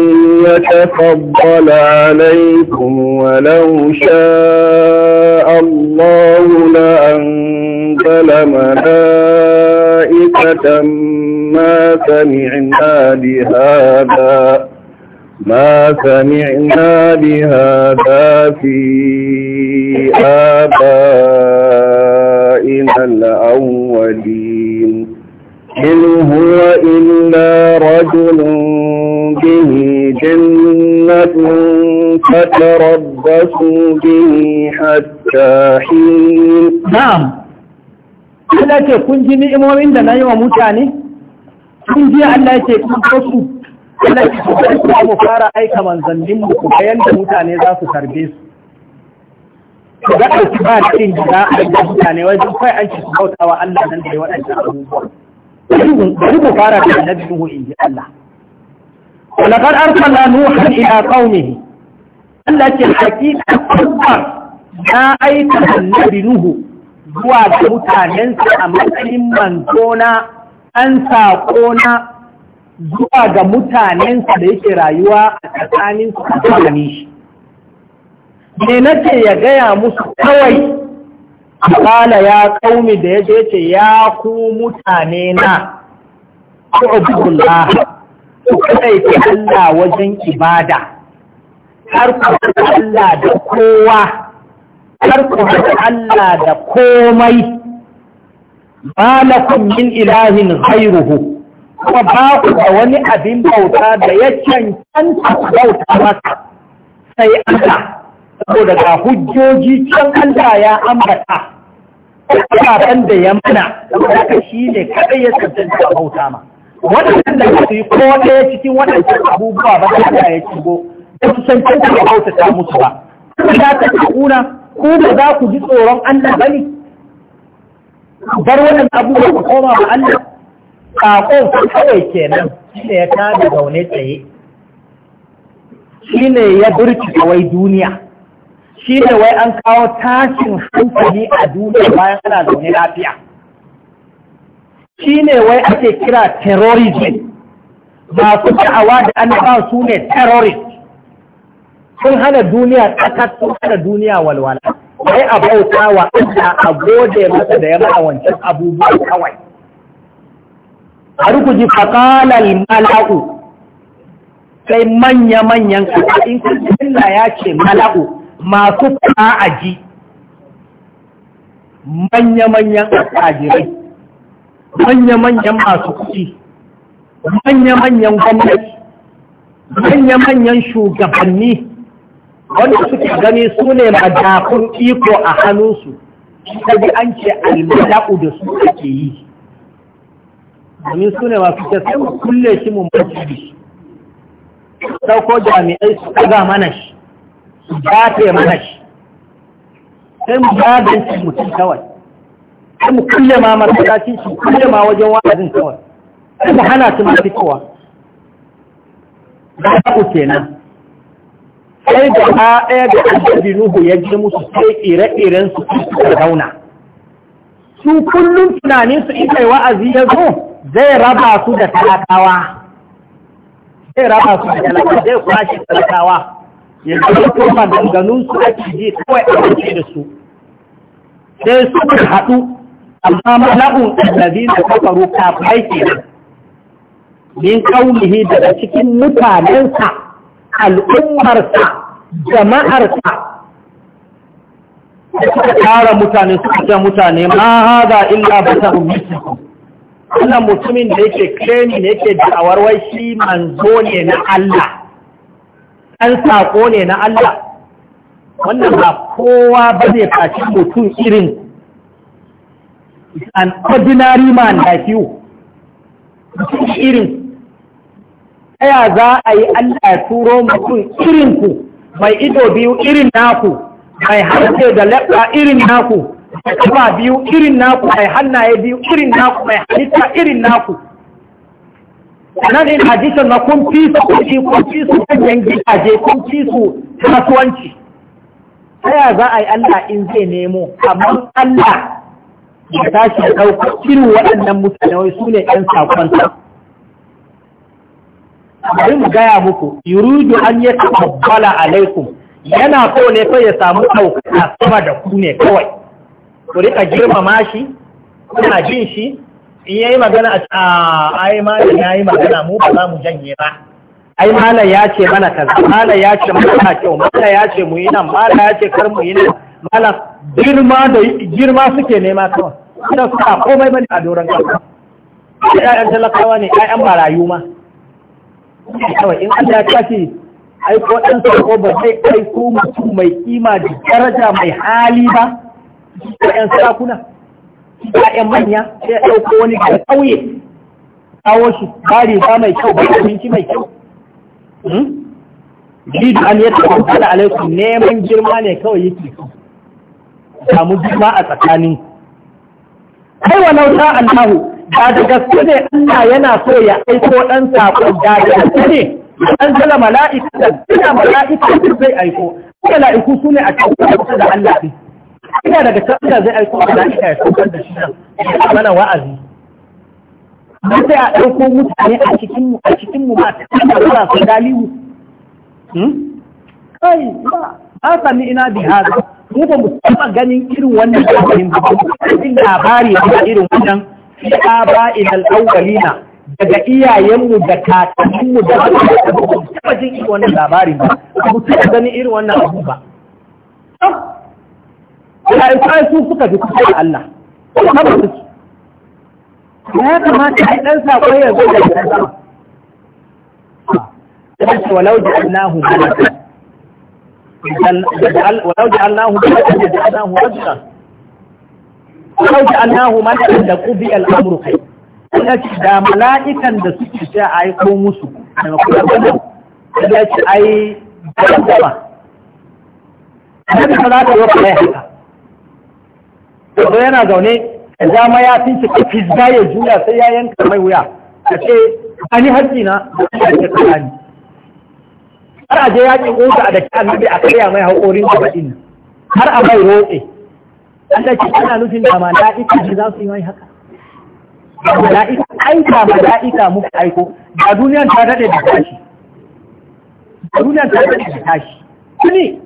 يتفضل عليكم ولو شاء الله لأنزل ملائكة ما سمعنا بهذا ما سمعنا بهذا في آبائنا إن هو إلا رجل به جنة فتربصوا به حتى حين نعم Allah ce kun ji ni'imomin da na yi wa mutane? Kun ji Allah ce kun su, Allah ce ku karfi mu fara aika manzannin mu ku ga yadda mutane za su karbe su. Ku ga ɗauki ba cikin gida a mutane wajen kai an su bautawa Allah da ya abubuwa. bari mu fara da annabi Nuhu in ji Allah ولقد أرسلنا نوحا إلى قومه التي حقيقة أكبر na أيت النبي نوح zuwa ga mutanensa a matsayin manzona an kona zuwa ga mutanensa da yake rayuwa a tsakaninsu a tsakanin shi. Me nake ya gaya musu kawai kala ya kaumi da ya je ce ya ku mutane na ku abdullah ku Allah wajen ibada har ku Allah da kowa har ku Allah da komai Ba kun min ilahin ghairuhu kuma ba ku da wani abin bauta da ya cancanta bauta masa sai Allah saboda ga hujjoji can Allah ya ambata ababen da ya mana haka shi ne kaɗai ya cancanta bauta ma waɗannan da su yi ko ɗaya cikin waɗannan abubuwa ba da ya cigo da su cancanta ta bauta ta musu ba za ta kuna ko da za ku ji tsoron Allah bane bar waɗannan abubuwa ku koma ba Allah saƙon kawai kenan shi ne ya tada zaune tsaye shi ne ya burki kawai duniya shi ne wai an kawo tashin hankali a duniya bayan ana zaune lafiya shi ne wai ake kira terrorism masu da'awa da an ba su ne terrorist sun hana duniya ƙasar sun hana duniya walwala wai a bauta wa Allah a gode masa da ya a wancan abubuwa kawai a rukuji faƙalar mala'u sai manya-manyan ƙasa in kan ya ce mala'u masu ji manya-manyan attajirai manya-manyan masu kuɗi manya-manyan gwamnati manya-manyan shugabanni wanda suke gani su ne madafun iko a hannunsu bi an ce almala'u da su ake yi domin su ne masu mu kulle shi mun bacci sauko jami'ai su ɗaga mana shi su dafe mana shi sai mu magance mutum kawai sai mu kulle ma masallaci su kulle ma wajen wa'azin kawai sai mu hana su masu ba ta ku kenan sai da a ɗaya da annabi nuhu ya ji musu sai ire-iren su suka zauna su kullum tunanin su ita yi wa'azi ya zo zai raba su da talakawa zai raba su da talakawa zai kwashe talakawa ya zama ko yake su ake je kawai a wuce da su sai suka haɗu amma mala'un allazi da kafaru kafirai kenan min kaumihi daga cikin mutanensa al'ummarsa jama'arsa suka tara mutane suka ce mutane ma haza illa basarun misikum wannan mutumin da yake kreni ne yake da wai shi manzo ne na Allah ɗan saƙo ne na Allah wannan ba kowa ba zai faci mutum irin an ordinary man da you mutum irin ɗaya za a yi Allah ya turo mutum irinku mai ido biyu irin naku mai harshe da laɓa irin naku mai kafa biyu irin naku mai hannaye biyu irin naku mai halitta irin naku nan in hadisin na kun fi su kuɗi kun fi su manyan gidaje kun fi su kasuwanci ta za a yi Allah in zai nemo amma Allah ya tashi da ɗaukar irin waɗannan mutane wai su ne ɗan sakonsa bari mu gaya muku yuridu an yi tabbala alaikum yana ko ne fa ya samu ɗaukaka sama da ku ne kawai ku riƙa girmama shi kuna jin shi in yayi magana a ai malam yi magana mu ba za mu janye ba ai malam ya ce mana kaza malam ya ce mana kana kyau malam ya ce mu yi nan malam ya ce kar mu yi nan malam girma da girma suke nema kawai idan suka komai bane a doron kasa ƴaƴan talakawa ne ƴaƴan marayu ma kawai in an ya tashi ai ko dan sako ba sai kai ko mutum mai kima da daraja mai hali ba ƴaƴan sakuna. ya'yan manya sai ya ɗauko wani da ƙauye kawo shi ba riga mai kyau ba abinci mai kyau hmm? Jidu an ta kwakwala alaikum neman girma ne kawai yake so. Samu girma a tsakanin. Kai wa nauta Allahu, ba da gaske ne Allah yana so ya aiko ɗan saƙon da da gaske ne an zala mala'ika da suna mala'ika zai aiko. la'iku su ne a cikin da Allah ɗin. ina daga tafiya zai aiko mala'ika ya saukar da shi nan mana wa'azi ba sai a ɗauko mutane a cikin mu a cikin mu hmm? ba ta da zuwa su dalihu kai ba sami ina bi hada mu ba mu taɓa ganin irin wannan labarin ba cikin labari ba irin wannan fi aba ilal awwalina daga iyayenmu da kakanninmu da ba mu taɓa jin irin wannan labarin ba mu taɓa ganin irin wannan abu ba ah! ya su suka fi kusa da Allah ya kamata a ɗan saƙon ya zo da ɗan walau da Allahu walau da Allahu da da da Allahu malakan da ce da mala'ikan da suke sha a yi ko musu daga kuma wannan Allah ce ai da sama Annabi sallallahu yi wa sallam yanzu yana zaune ka zama ya ki ka fizga ya juya sai ya yanka mai wuya ka ce ani haƙƙi na da ka ni har a je yaƙin ƙoda a da ki annabi a karya mai haƙorin da baɗin har a mai rotse Allah ce ana nufin da mala'ika ne za su yi mai haka mala'ika aika mala'ika muka aiko da duniyar ta daɗe da tashi da duniyar ta daɗe da tashi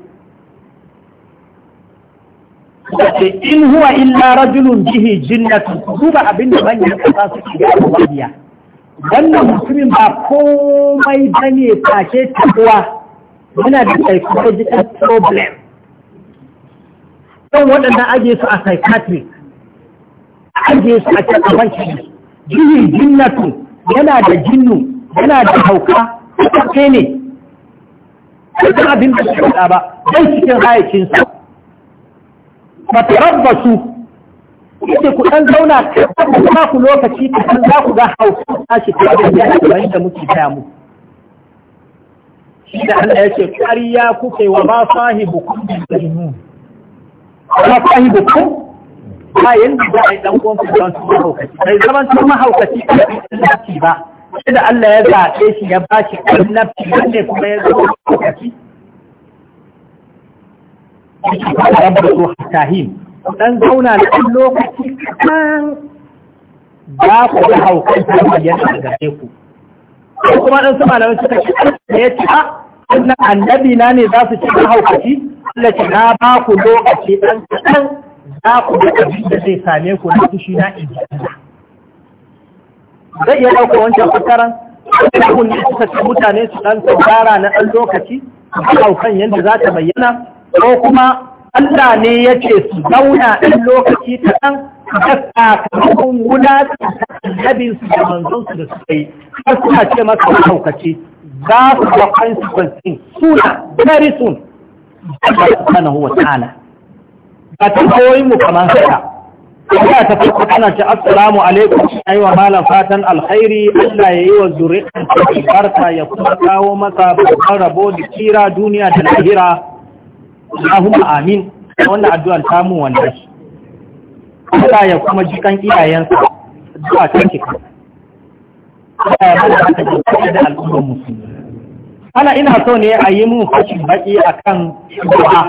ce in huwa illa rajulun bihi jinnatu duba abin da manyan kasa su ga biya. wannan mutumin ba komai bane face tabuwa yana da psychological problem don waɗannan ajiye su a psychiatric ajiye su a can abanci Jihin jinnatu yana da jinnu yana da hauka ta ne abin da shi ba zai cikin hayacinsa fatarabbasu yake ku dan zauna ba ku lokaci kan za ku ga hausa ta shi ta da ban da muke ta mu shi da Allah yake ƙarya kai wa ba sahibukum da majnun ba sahibukum ba yanda za a yi dan uwan ku dan su haukaci sai zaman su mahaukaci ba ba sai da Allah ya zaɓe shi ya ba shi annabi ne kuma ya zo haukaci rabbatu dan zauna da lokaci kan ba ku da haukan ta bayyana gare ku ko kuma ɗan sama da suka ce da ya ce annan ah, annabi na ne za su ci haukaci Allah ce na ba ku lokaci ɗan kadan za ku da abin da zai same ku na fushi na inji zai iya ɗauka wancan fakaran kun ne suka ce mutane su ɗan saurara na ɗan lokaci haukan yadda za ta bayyana ko kuma Allah ne ya ce su zauna ɗan lokaci ta ɗan ga sakamakon guda ta annabin su da manzon su da suka yi har suna ce masa mahaukaci za su ga consequences suna very soon Allah subhanahu wa ta'ala ba ta koyi mu kamar haka Allah ta farko ana ce assalamu alaikum ai wa malam fatan alkhairi Allah ya yi wa zuri'a barka ya kuma kawo masa babban rabo da kira duniya da lahira Allahumma amin wannan addu'ar samun wannan shi Allah ya kuma jikan iyayensa zuwa ta ka. Allah ya bada ta jikin da al'ummar musulmi ana ina so ne a yi mun fashin baki akan shubuha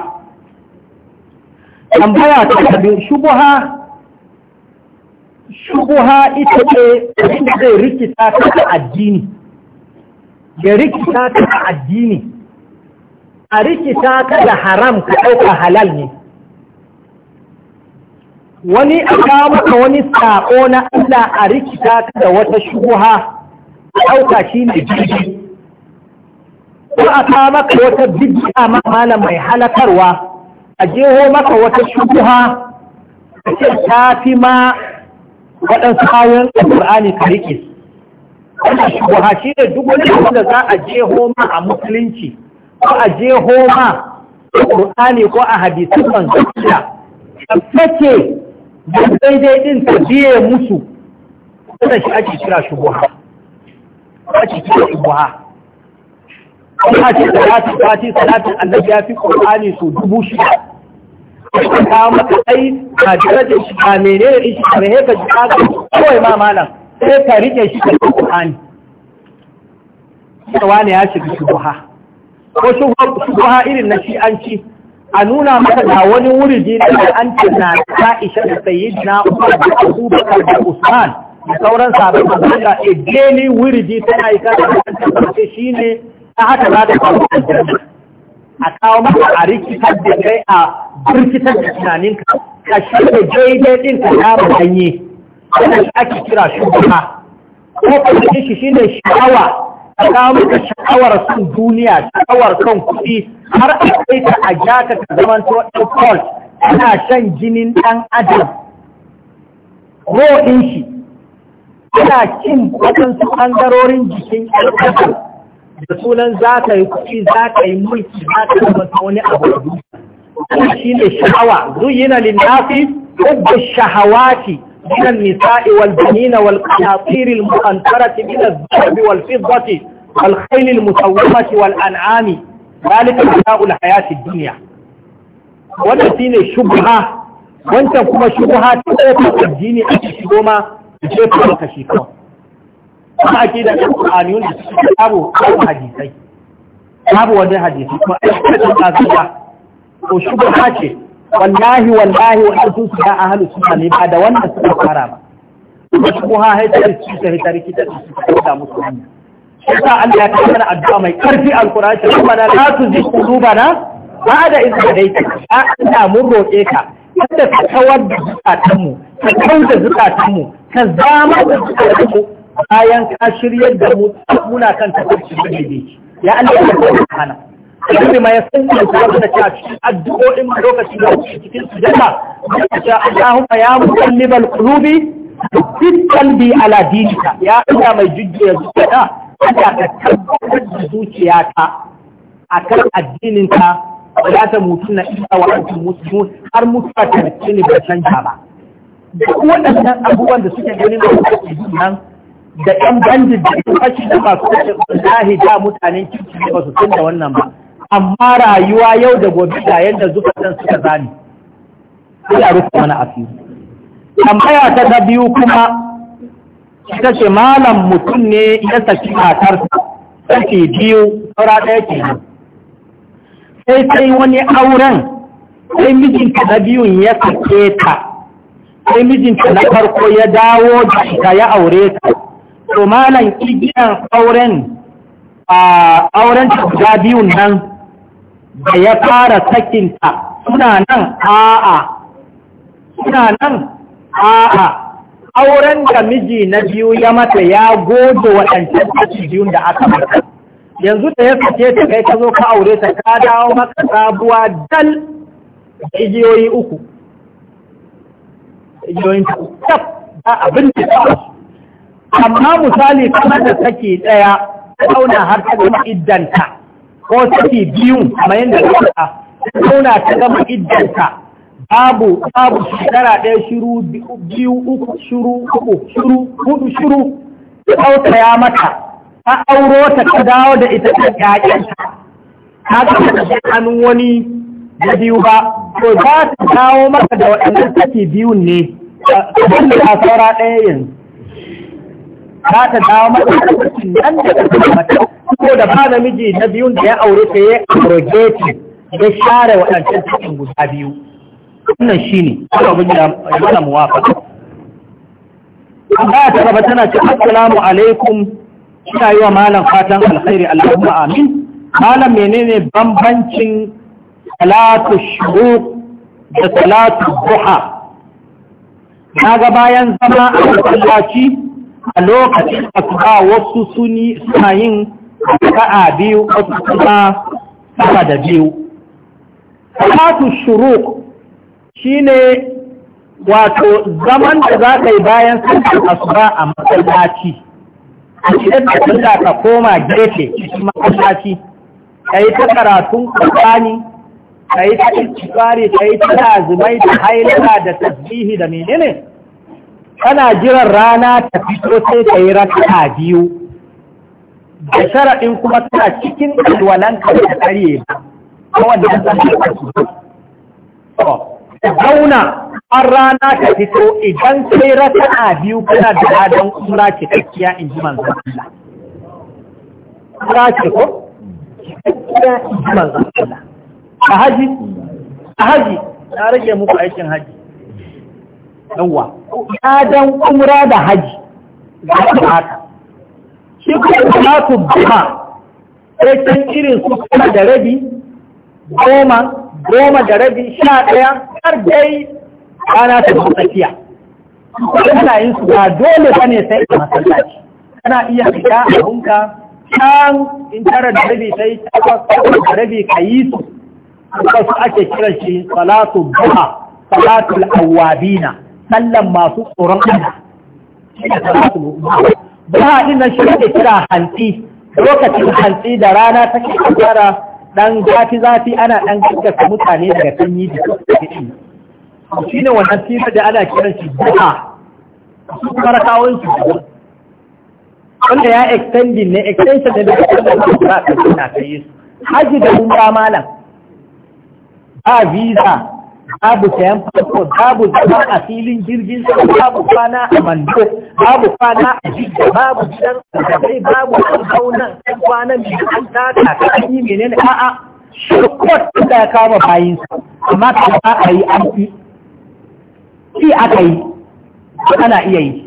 tambaya ta kabi shubuha shubuha ita ce inda zai rikita ta addini ya rikita ta addini a rikita ka da haram ka ɗauka halal ne wani a kawo maka wani saƙo na Allah a rikita ka da wata shubuha a ɗauka shi ne jirgi ko a kawo maka wata bid'a ma malam mai halakarwa a jeho maka wata shubuha a ce ta fi ma waɗansu hawan ƙasar'ani shine ka wannan shubuha shi ne duk wani da za a jeho ma a musulunci ko a je homa a ƙur'ani ko a hadisun a fake da daidai ɗin ta biye musu wannan shi ake kira shubuha ake kira shubuha kuma ce salatin fati salatin annabi ya fi ƙur'ani su dubu shida ta kawo ta ai ka daraja shi ka mene din shi ka rehe ka ji ka kawai ma malam sai ka rike shi ka ƙur'ani. Sawa ne ya shiga shubuha. ko shubha irin na shi'anci a nuna maka da wani wuri da an ce na Aisha da Sayyidina Umar da Abubakar da Usman da sauran sabon manzala a daily wuri ta aika da an tabbace ne ta haka za ta kawo a kawo maka a rikitar da kai a birkitar da tunanin ka da daidai din ka kama bayanye wannan ake kira shubha ko kuma shi shine sha'awa a kawo ka sha'awar sun duniya sha'awar kan kuɗi har a kai ka a ja ka zama zaman to ɗan ana shan jinin ɗan adam ro'in shi ana cin waɗansu ɓangarorin jikin ɗan adam da sunan za ka yi kuɗi za ka yi mulki za ka zama wani abu da shi ne sha'awa zuyina linnafi da shahawati من النساء والبنين والقناطير المقنطرة من الذهب والفضة والخيل المسومة والأنعام ذلك متاع الحياة الدنيا wannan shi ne shubha wancan kuma shubha ta ɗaukar addini a cikin goma da jefa maka da ɗan ƙur'aniyun da suke hadisai ko ce wallahi wallahi wannan su su da ahalu suna ne ba da wannan suka fara ba wasu kuma haitari su ta hitari kita da su ta da musu hanya yasa Allah ya kaddara addu'a mai karfi alqur'ani kuma na la tuzi qulubana ba'da idh hadaita ina mun roƙe ka kada ka kawar da zukatanmu ka kauda zukatanmu ka zama da zukatanmu bayan ka shiryar da mu muna kan tafarki da daidai ya Allah ya hana. Ibn ma ya sanya su da ta cikin addu'o'in lokacin da suke cikin sujada ta Allahumma ya muqallibal qulubi fi qalbi ala dinika ya Allah mai jujjuya zuciya Ya ka tabbatar da zuciyata akan ka ya ta mutuna isa wa antum mutu har mutuwa ta cikin ba canja ba duk waɗannan abubuwan da suke gani da suke nan da ɗan bandit da kashi da masu kashe da mutanen kirki ba su san da wannan ba amma rayuwa yau da gobe da yadda can suka zani ila rufe mana asiri tambaya ta ta biyu kuma ita ce malam mutum ne ya saki matarsa saki biyu saura ɗaya ke sai sai wani auren sai mijinta na biyun ya sake ta sai mijinta na farko ya dawo da ita ya aure ta to malam igiyan auren a auren ta guda biyun nan da ya fara sakinta suna nan a'a suna nan a'a auren da miji na biyu ya mata ya goge waɗancan saki biyun da aka mata yanzu da ya sake ta kai ka zo ka aure ta ka dawo maka sabuwa dal igiyoyi uku igiyoyin ta tsaf ba abin da ta amma misali kamar da saki ɗaya, tauna har ta gama iddanta ko saki biyun kamar yadda ka faɗa suna ta gama iddanta babu babu shekara ɗaya shiru biyu uku shiru uku shiru hudu shiru ta ya mata ta auro ta ta dawo da ita ta ƙyaƙyanta ta ga ta hannun wani da biyu ba to za ta dawo maka da waɗannan saki biyun ne kamar da ta saura ɗaya yanzu ta ta dawo maka da saki nan da ta mata Ko da ba miji na biyun da ya aure ta ya abrogating ya share waɗancan cikin guda biyu wannan shi ne ana bin ya mana ba ta raba tana ce assalamu alaikum ina yi wa malam fatan alkhairi allahumma amin malam menene bambancin salatu shuruq da salatu duha na ga bayan zama a masallaci a lokacin asuba wasu suna yin raka'a biyu wasu kuma sama da biyu salatu shuruq shine wato zaman da za ka yi bayan sallar asuba a masallaci a cikin da sallah ka koma gefe cikin masallaci ka yi ta karatun kurani ka yi ta istighfari ka yi ta azumai da hailala da tasbihi da menene kana jiran rana ta fito sai ka yi raka'a biyu da sharaɗin kuma tana cikin alwalanka da karye ba wanda ya san da ta zauna an rana ta fito idan kai a biyu kuna da ladan umra cikakkiya in ji manzon Allah ce ko in ji manzan Allah a haji a haji na rage muku aikin haji yawwa ladan umra da haji za ta haka shi kuma salatu duha sai can irin su kuma da rabi goma goma da rabi sha ɗaya har dai ana ta tsakiya kana yin su ba dole ba ne sai a masallaci kana iya fita hunka can in tara da rabi sai takwas da rabi ka yi su su ake kiran shi salatu duha salatu al'awabina sallan masu tsoron Allah ba din nan shi ake kira hantsi lokacin hantsi da rana ta ke fara dan zafi zafi ana dan gaggasa mutane daga sanyi da sanyi shi ne wannan sifar da ana kiran shi duha su fara kawon su wanda ya extending ne extension da daga kan da ba a kai na kai su haji da umra malam ba visa babu sayan farko babu zama a filin jirgin sama babu kwana a mando babu kwana a jirgin babu gidan sarkafai babu an zaunan kan kwana mai an taka ta an yi menene a'a shukot da ya kama bayinsa amma ta ba a yi an yi shi aka yi ana iya yi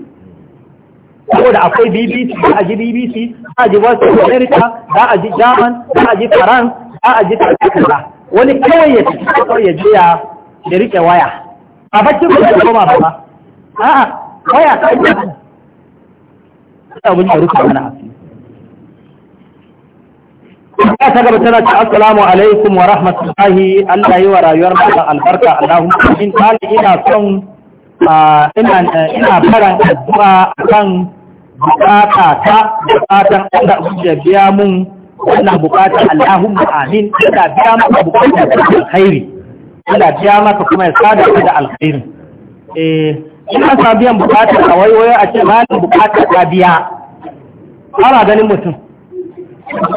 saboda akwai bbc za a ji bbc za a ji wasu america za a ji german za a ji faran za a ji tattara wani kawai ya tafi kawai ya je ya da rike waya a bakin ba ko ba ba a'a waya ta yi abin da rufe mana asiri ta ta gaba tana ce assalamu alaikum wa rahmatullahi Allah yi wa rayuwar mata albarka Allahumma amin kali ina son ina baran addu'a akan bukata ta bukatan Allah ya biya mun wannan bukata Allahumma amin da biya mun bukata ta alkhairi Allah biya maka kuma ya sada ka da alkhairin eh ina sa biyan bukatar a waiwayo a ce malin bukatar ta biya ana ganin mutum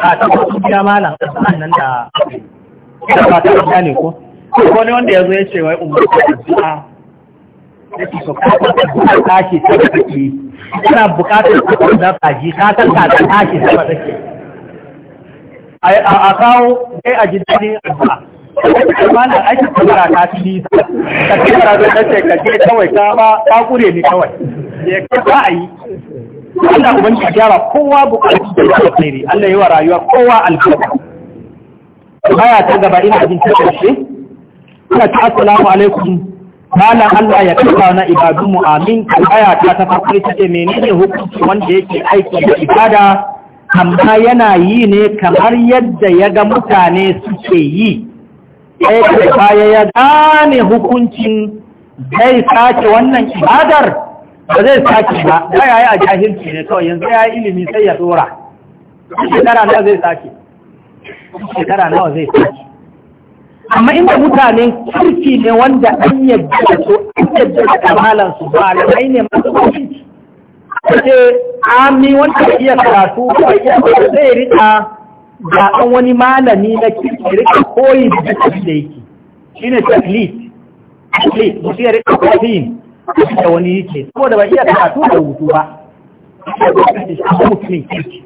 a ta kuma biya malam ɗan nan da da ba ta gane ko ko ne wanda ya zo ya ce wai umar ta addu'a nake so ka buƙatar tashi ta kake kana buƙatar kuɗin da kaji ka san ka tashi ta kake a kawo sai a ji daɗin addu'a mana ake kamara ta fi nisa ka ce ka zo dace ka je kawai ta ba ka kure ni kawai ya ka ba a yi Allah ubangi gyara kowa bukatu da alkhairi Allah yi wa rayuwa kowa albarka baya ta gaba ina jin ta karshe ina ta assalamu alaikum malam Allah ya tafa na ibadun mu amin baya ta ta farko ta ce menene hukunci wanda yake aiki da ibada amma yana yi ne kamar yadda ya ga mutane suke yi sai da baya ya gane hukuncin zai sake wannan ibadar ba zai sake ba da ya yi a jahilci ne kawai yanzu ya yi ilimi sai ya tsora shekara nawa zai sake shekara nawa zai sake amma inda mutanen kirki ne wanda an yadda da su an yadda da kamalan su ba lamai ne masu kwanci ce ami wanda iya karatu ko iya zai rika ba an wani malami na kirkirka koyi da duk da yake shi ne taklit taflit mutu ya rika kofin da wani yake ko da ba iya karatu da rubutu ba a mutumin kirki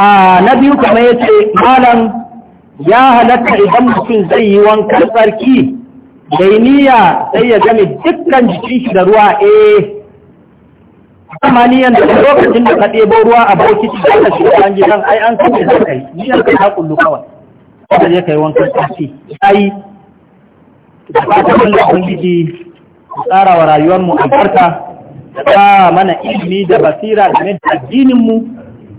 a na biyu kama ya ce malam ya halatta idan mutum zai yi wankan tsarki da niyya sai ya game dukkan jikin shi da ruwa eh samaniyan da lokacin da ka ɗebo ruwa a bokiti da ka shiga an gidan ai an san da kai niyan ka ta kullu kawai ka yi kai wanka tsafi ai da fatan Allah ubangiji tsara wa rayuwar mu albarka ta mana ilimi da basira da ne addinin mu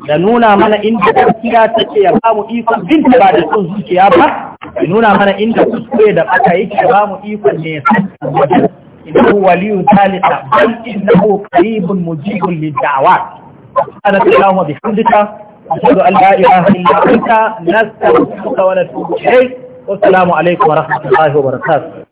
da nuna mana inda gaskiya take ya bamu ikon binta ba da son zuciya ba nuna mana inda kuskure da aka yi ba bamu ikon ne ya san إنه ولي ذلك بل إنه قريب مجيب للدعوات سبحانك اللهم وبحمدك أشهد أن لا إله إلا أنت نستغفرك ونتوب إليك والسلام عليكم ورحمة الله وبركاته